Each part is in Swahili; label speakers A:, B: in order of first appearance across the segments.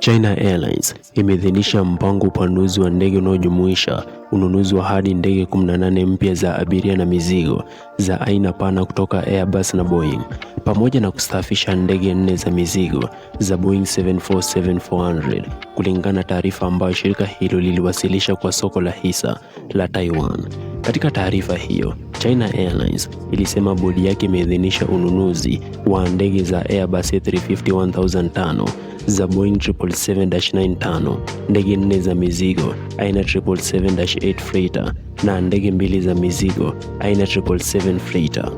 A: China Airlines imeidhinisha mpango upanuzi wa ndege unaojumuisha ununuzi wa hadi ndege 18 mpya za abiria na mizigo za aina pana kutoka Airbus na Boeing pamoja na kustaafisha ndege nne za mizigo za Boeing 747-400 kulingana na taarifa ambayo shirika hilo liliwasilisha kwa soko la hisa la Taiwan. Katika taarifa hiyo China Airlines ilisema bodi yake imeidhinisha ununuzi wa ndege za Airbus A350-1000 za Boeing 777-95, ndege nne za mizigo aina 777-8 Freighter na ndege mbili za mizigo aina 777 Freighter.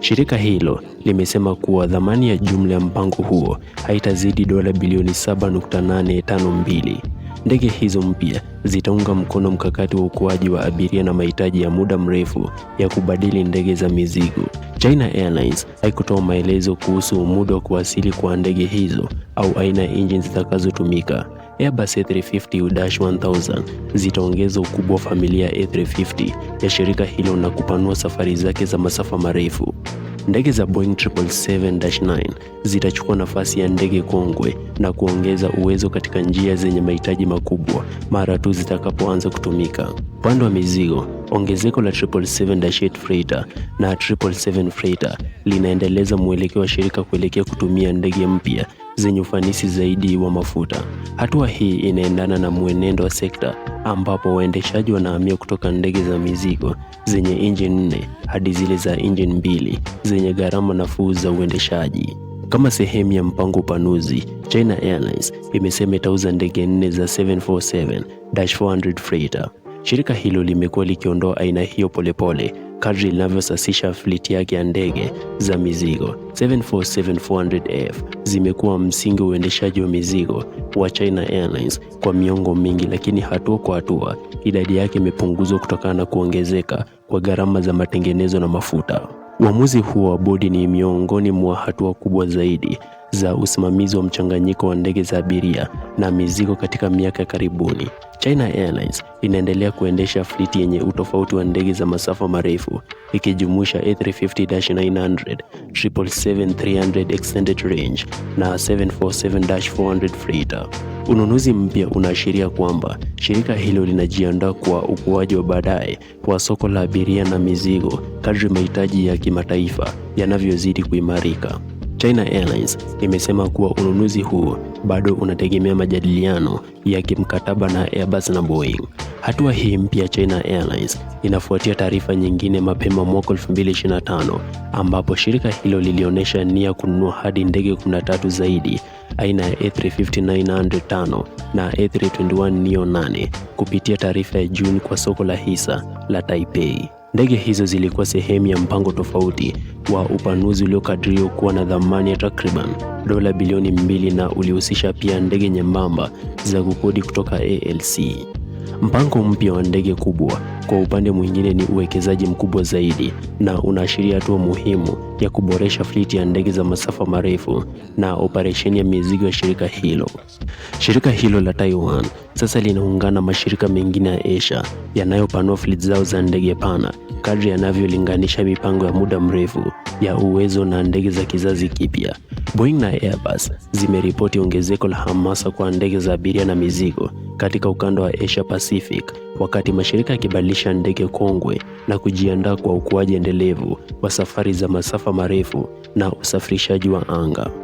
A: Shirika hilo limesema kuwa dhamani ya jumla ya mpango huo haitazidi dola bilioni 7.852. Ndege hizo mpya zitaunga mkono mkakati wa ukuaji wa abiria na mahitaji ya muda mrefu ya kubadili ndege za mizigo. China Airlines haikutoa maelezo kuhusu muda wa kuwasili kwa ndege hizo au aina ya injini zitakazotumika. Airbus A350-1000 zitaongeza ukubwa wa familia ya A350 ya shirika hilo na kupanua safari zake za masafa marefu. Ndege za Boeing 777-9 zitachukua nafasi ya ndege kongwe na kuongeza uwezo katika njia zenye mahitaji makubwa mara tu zitakapoanza kutumika. Upande wa mizigo, ongezeko la 777-8 freighter na 777 freighter linaendeleza mwelekeo wa shirika kuelekea kutumia ndege mpya zenye ufanisi zaidi wa mafuta. Hatua hii inaendana na mwenendo wa sekta ambapo waendeshaji wanahamia kutoka ndege za mizigo zenye injini nne hadi zile za injini mbili zenye gharama nafuu za uendeshaji. Kama sehemu ya mpango upanuzi, China Airlines imesema itauza ndege nne za 747-400 freighter Shirika hilo limekuwa likiondoa aina hiyo polepole kadri linavyosasisha fliti yake ya ndege za mizigo. 747-400F zimekuwa msingi wa uendeshaji wa mizigo wa China Airlines kwa miongo mingi, lakini hatua kwa hatua idadi yake imepunguzwa kutokana na kuongezeka kwa gharama za matengenezo na mafuta. Uamuzi huo wa bodi ni miongoni mwa hatua kubwa zaidi za usimamizi wa mchanganyiko wa ndege za abiria na mizigo katika miaka ya karibuni. China Airlines inaendelea kuendesha fliti yenye utofauti wa ndege za masafa marefu ikijumuisha A350-900, 777-300 extended range na 747-400 freighter. Ununuzi mpya unaashiria kwamba shirika hilo linajiandaa kwa ukuaji wa baadaye kwa soko la abiria na mizigo kadri mahitaji ya kimataifa yanavyozidi kuimarika. China Airlines imesema kuwa ununuzi huu bado unategemea majadiliano ya kimkataba na Airbus na Boeing. Hatua hii mpya China Airlines inafuatia taarifa nyingine mapema mwaka 2025 ambapo shirika hilo lilionyesha nia kununua hadi ndege 13 zaidi aina ya A350-900 na A321neo 8 kupitia taarifa ya Juni kwa soko la hisa la Taipei. Ndege hizo zilikuwa sehemu ya mpango tofauti wa upanuzi uliokadiriwa kuwa na thamani ya takriban dola bilioni mbili na ulihusisha pia ndege nyembamba za kukodi kutoka ALC. Mpango mpya wa ndege kubwa kwa upande mwingine ni uwekezaji mkubwa zaidi na unaashiria hatua muhimu ya kuboresha fliti ya ndege za masafa marefu na operesheni ya mizigo ya shirika hilo. Shirika hilo la Taiwan sasa linaungana mashirika mengine ya Asia yanayopanua fliti zao za ndege pana kadri yanavyolinganisha mipango ya muda mrefu ya uwezo na ndege za kizazi kipya. Boeing na Airbus zimeripoti ongezeko la hamasa kwa ndege za abiria na mizigo katika ukanda wa Asia Pacific, wakati mashirika yakibadilisha ndege kongwe na kujiandaa kwa ukuaji endelevu wa safari za masafa marefu na usafirishaji wa anga.